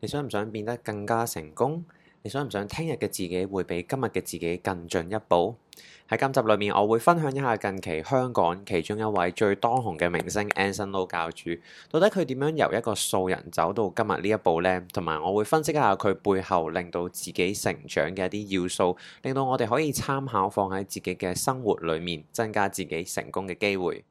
你想唔想變得更加成功？你想唔想聽日嘅自己會比今日嘅自己更進一步？喺今集裏面，我會分享一下近期香港其中一位最當紅嘅明星 Anson Lo 教主，到底佢點樣由一個素人走到今日呢一步呢？同埋，我會分析一下佢背後令到自己成長嘅一啲要素，令到我哋可以參考放喺自己嘅生活裏面，增加自己成功嘅機會。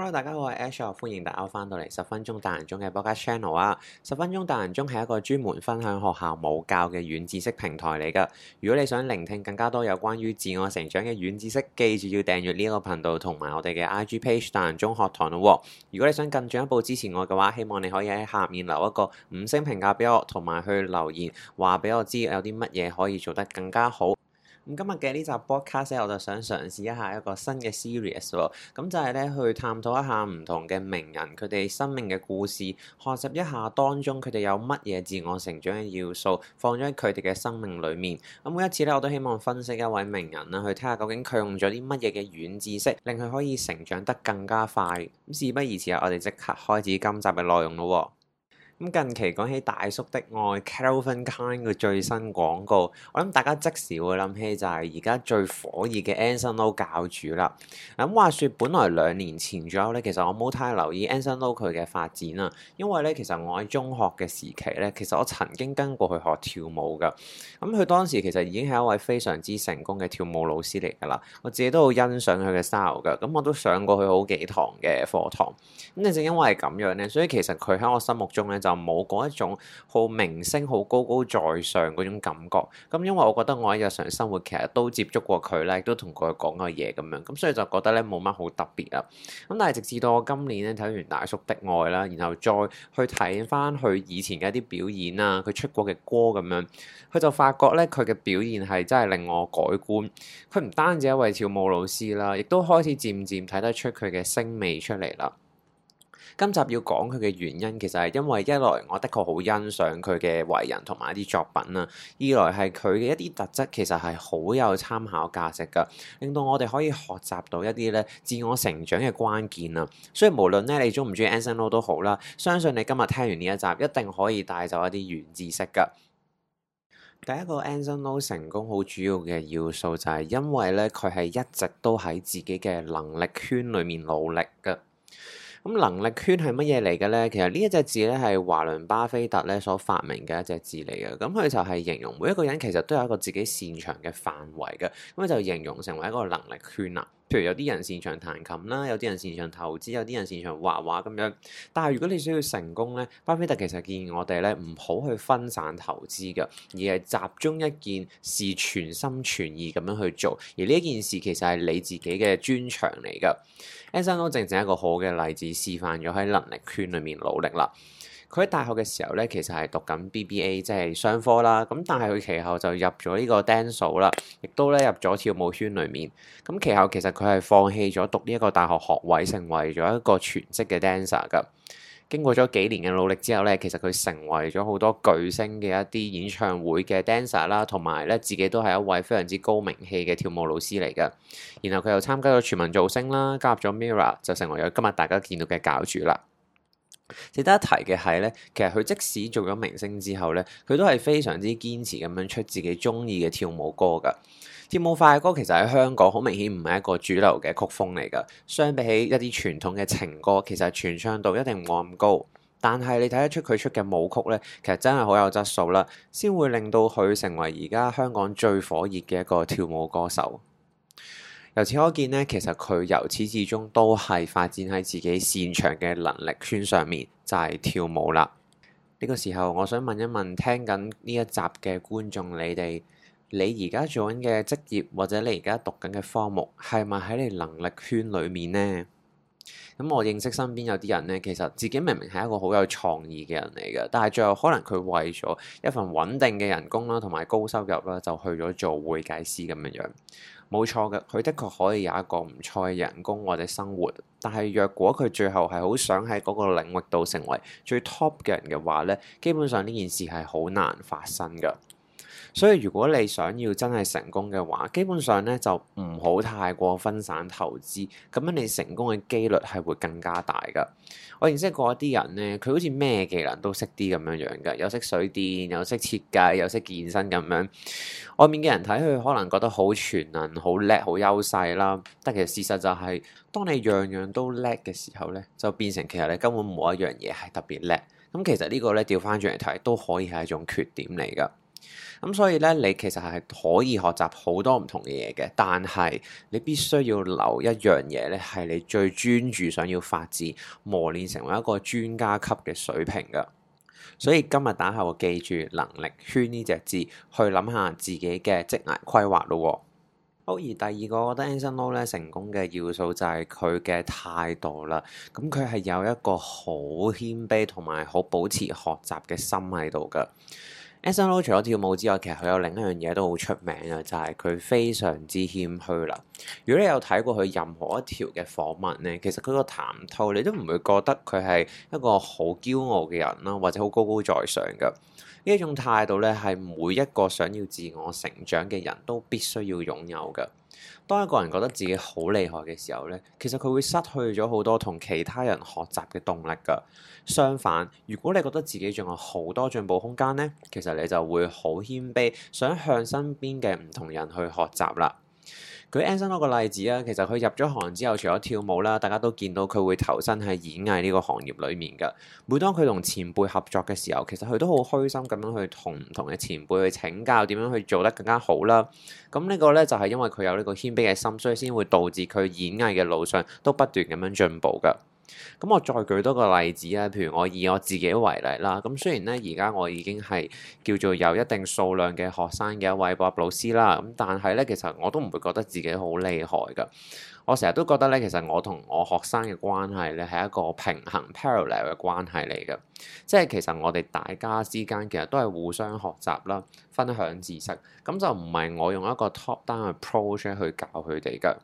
Hello，大家好，我係 Ashel，歡迎大家翻到嚟十分鐘大人中嘅播客 channel 啊！十分鐘大人中係一個專門分享學校冇教嘅軟知識平台嚟噶。如果你想聆聽更加多有關於自我成長嘅軟知識，記住要訂閱呢一個頻道同埋我哋嘅 IG page 大人中學堂咯。如果你想更進一步支持我嘅話，希望你可以喺下面留一個五星評價俾我，同埋去留言話俾我知有啲乜嘢可以做得更加好。咁今日嘅呢集 broadcast 我就想嘗試一下一個新嘅 series 喎。咁就係咧去探討一下唔同嘅名人佢哋生命嘅故事，學習一下當中佢哋有乜嘢自我成長嘅要素放咗喺佢哋嘅生命裏面。咁每一次咧，我都希望分析一位名人啦，去睇下究竟佢用咗啲乜嘢嘅軟知識，令佢可以成長得更加快。咁事不宜遲啊，我哋即刻開始今集嘅內容咯。咁近期講起大叔的愛 Calvin Klein 嘅最新廣告，我諗大家即時會諗起就係而家最火熱嘅 Anson Lo 教主啦。咁話說，本來兩年前左右咧，其實我冇太留意 Anson Lo 佢嘅發展啦，因為咧其實我喺中學嘅時期咧，其實我曾經跟過佢學跳舞噶。咁佢當時其實已經係一位非常之成功嘅跳舞老師嚟噶啦，我自己都好欣賞佢嘅 style 噶。咁我都上過佢好幾堂嘅課堂。咁就正因為咁樣咧，所以其實佢喺我心目中咧就～就冇嗰一種好明星、好高高在上嗰種感覺。咁因為我覺得我喺日常生活其實都接觸過佢咧，都同佢講過嘢咁樣。咁所以就覺得咧冇乜好特別啊。咁但係直至到我今年咧睇完大叔的愛啦，然後再去睇翻佢以前嘅一啲表演啊，佢出過嘅歌咁樣，佢就發覺咧佢嘅表現係真係令我改觀。佢唔單止係一位跳舞老師啦，亦都開始漸漸睇得出佢嘅星味出嚟啦。今集要講佢嘅原因，其實係因為一來我的確好欣賞佢嘅為人同埋一啲作品啦；二來係佢嘅一啲特質其實係好有參考價值嘅，令到我哋可以學習到一啲咧自我成長嘅關鍵啊。所以無論咧你中唔中意 Anson Lo 都好啦，相信你今日聽完呢一集一定可以帶走一啲原知識嘅。第一個 Anson Lo 成功好主要嘅要素就係因為咧佢係一直都喺自己嘅能力圈裡面努力嘅。咁能力圈係乜嘢嚟嘅咧？其實呢一隻字咧係華倫巴菲特咧所發明嘅一隻字嚟嘅，咁佢就係形容每一個人其實都有一個自己擅長嘅範圍嘅，咁佢就形容成為一個能力圈啦。譬如有啲人擅長彈琴啦，有啲人擅長投資，有啲人擅長畫畫咁樣。但係如果你需要成功咧，巴菲特其實建議我哋咧唔好去分散投資㗎，而係集中一件事全心全意咁樣去做。而呢一件事其實係你自己嘅專長嚟㗎。Anson 都正正一個好嘅例子，示範咗喺能力圈裡面努力啦。佢喺大學嘅時候咧，其實係讀緊 BBA 即係商科啦。咁但係佢其後就入咗呢個 dance 啦，亦都咧入咗跳舞圈裡面。咁其後其實佢係放棄咗讀呢一個大學學位，成為咗一個全職嘅 dancer 噶。經過咗幾年嘅努力之後咧，其實佢成為咗好多巨星嘅一啲演唱會嘅 dancer 啦，同埋咧自己都係一位非常之高名氣嘅跳舞老師嚟嘅。然後佢又參加咗全民造星啦，加入咗 Mirror，就成為咗今日大家見到嘅教主啦。值得一提嘅係咧，其實佢即使做咗明星之後咧，佢都係非常之堅持咁樣出自己中意嘅跳舞歌噶。跳舞快歌其實喺香港好明顯唔係一個主流嘅曲風嚟噶。相比起一啲傳統嘅情歌，其實傳唱度一定唔會咁高。但係你睇得出佢出嘅舞曲咧，其實真係好有質素啦，先會令到佢成為而家香港最火熱嘅一個跳舞歌手。由此可見咧，其實佢由始至終都係發展喺自己擅長嘅能力圈上面，就係、是、跳舞啦。呢、這個時候，我想問一問聽緊呢一集嘅觀眾，你哋你而家做緊嘅職業，或者你而家讀緊嘅科目，係咪喺你能力圈裡面呢？咁、嗯、我認識身邊有啲人咧，其實自己明明係一個好有創意嘅人嚟嘅，但係最後可能佢為咗一份穩定嘅人工啦，同埋高收入啦，就去咗做會計師咁樣樣。冇錯嘅，佢的確可以有一個唔錯嘅人工或者生活，但係若果佢最後係好想喺嗰個領域度成為最 top 嘅人嘅話咧，基本上呢件事係好難發生嘅。所以如果你想要真係成功嘅話，基本上咧就唔好太過分散投資，咁樣你成功嘅機率係會更加大噶。我認識過一啲人咧，佢好似咩技能都識啲咁樣樣嘅，有識水電，有識設計，有識健身咁樣。外面嘅人睇佢可能覺得好全能、好叻、好優勢啦，但其實事實就係，當你樣樣都叻嘅時候咧，就變成其實你根本冇一樣嘢係特別叻。咁其實呢個咧，調翻轉嚟睇，都可以係一種缺點嚟噶。咁所以咧，你其實係可以學習好多唔同嘅嘢嘅，但係你必須要留一樣嘢咧，係你最專注想要發展磨練成為一個專家級嘅水平噶。所以今日打下我記住能力圈呢隻字，去諗下自己嘅職涯規劃咯。好，而第二個我覺得 Anson Lo 咧，成功嘅要素就係佢嘅態度啦。咁佢係有一個好謙卑同埋好保持學習嘅心喺度噶。s n o 除咗跳舞之外，其實佢有另一樣嘢都好出名嘅，就係、是、佢非常之謙虛啦。如果你有睇過佢任何一條嘅訪問咧，其實佢個談吐你都唔會覺得佢係一個好驕傲嘅人啦，或者好高高在上嘅呢一種態度咧，係每一個想要自我成長嘅人都必須要擁有嘅。當一個人覺得自己好厲害嘅時候咧，其實佢會失去咗好多同其他人學習嘅動力㗎。相反，如果你覺得自己仲有好多進步空間咧，其實你就會好謙卑，想向身邊嘅唔同人去學習啦。佢攞 Anson 個例子啊，其實佢入咗行之後，除咗跳舞啦，大家都見到佢會投身喺演藝呢個行業裡面嘅。每當佢同前輩合作嘅時候，其實佢都好虛心咁樣去同唔同嘅前輩去請教點樣去做得更加好啦。咁呢個咧就係因為佢有呢個謙卑嘅心，所以先會導致佢演藝嘅路上都不斷咁樣進步嘅。咁我再舉多個例子啊，譬如我以我自己為例啦，咁雖然咧而家我已經係叫做有一定數量嘅學生嘅一位博老師啦，咁但係咧其實我都唔會覺得自己好厲害㗎。我成日都覺得咧，其實我同我學生嘅關係咧係一個平衡 parallel 嘅關係嚟㗎，即係其實我哋大家之間其實都係互相學習啦，分享知識，咁就唔係我用一個 top down 嘅 approach 去教佢哋㗎。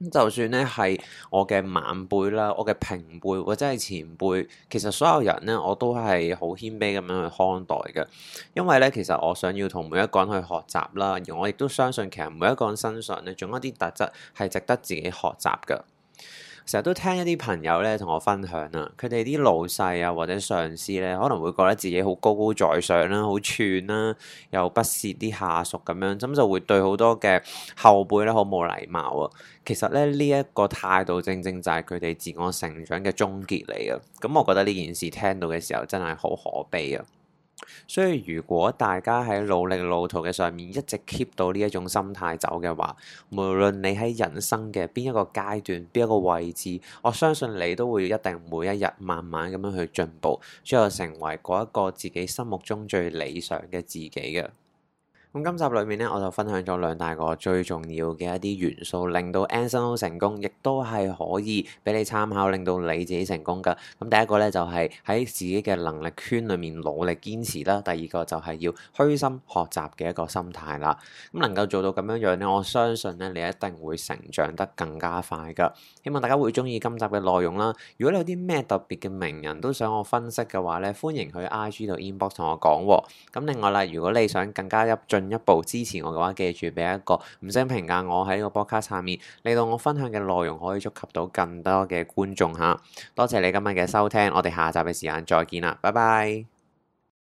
咁就算咧係我嘅晚輩啦，我嘅平輩或者係前輩，其實所有人咧我都係好謙卑咁樣去看待嘅，因為咧其實我想要同每一個人去學習啦，而我亦都相信其實每一個人身上咧仲有一啲特質係值得自己學習嘅。成日都聽一啲朋友咧同我分享啊，佢哋啲老細啊或者上司咧可能會覺得自己好高高在上啦、啊，好串啦，又不屑啲下屬咁樣，咁就會對好多嘅後輩咧好冇禮貌啊。其實咧呢一個、這個態度正正就係佢哋自我成長嘅終結嚟啊。咁、嗯、我覺得呢件事聽到嘅時候真係好可悲啊。所以，如果大家喺努力路途嘅上面一直 keep 到呢一種心態走嘅話，無論你喺人生嘅邊一個階段，邊一個位置，我相信你都會一定每一日慢慢咁樣去進步，最後成為嗰一個自己心目中最理想嘅自己嘅。咁今集裏面咧，我就分享咗兩大個最重要嘅一啲元素，令到 Anson 好成功，亦都係可以俾你參考，令到你自己成功噶。咁第一個咧就係喺自己嘅能力圈裏面努力堅持啦。第二個就係要虛心學習嘅一個心態啦。咁能夠做到咁樣樣咧，我相信咧，你一定會成長得更加快噶。希望大家會中意今集嘅內容啦。如果你有啲咩特別嘅名人都想我分析嘅話咧，歡迎去 I G 度 inbox 同我講。咁另外啦，如果你想更加入進一步支持我嘅話，記住俾一個五星評價。我喺個 podcast 上面，令到我分享嘅內容可以觸及到更多嘅觀眾嚇。多謝你今日嘅收聽，我哋下集嘅時間再見啦，拜拜。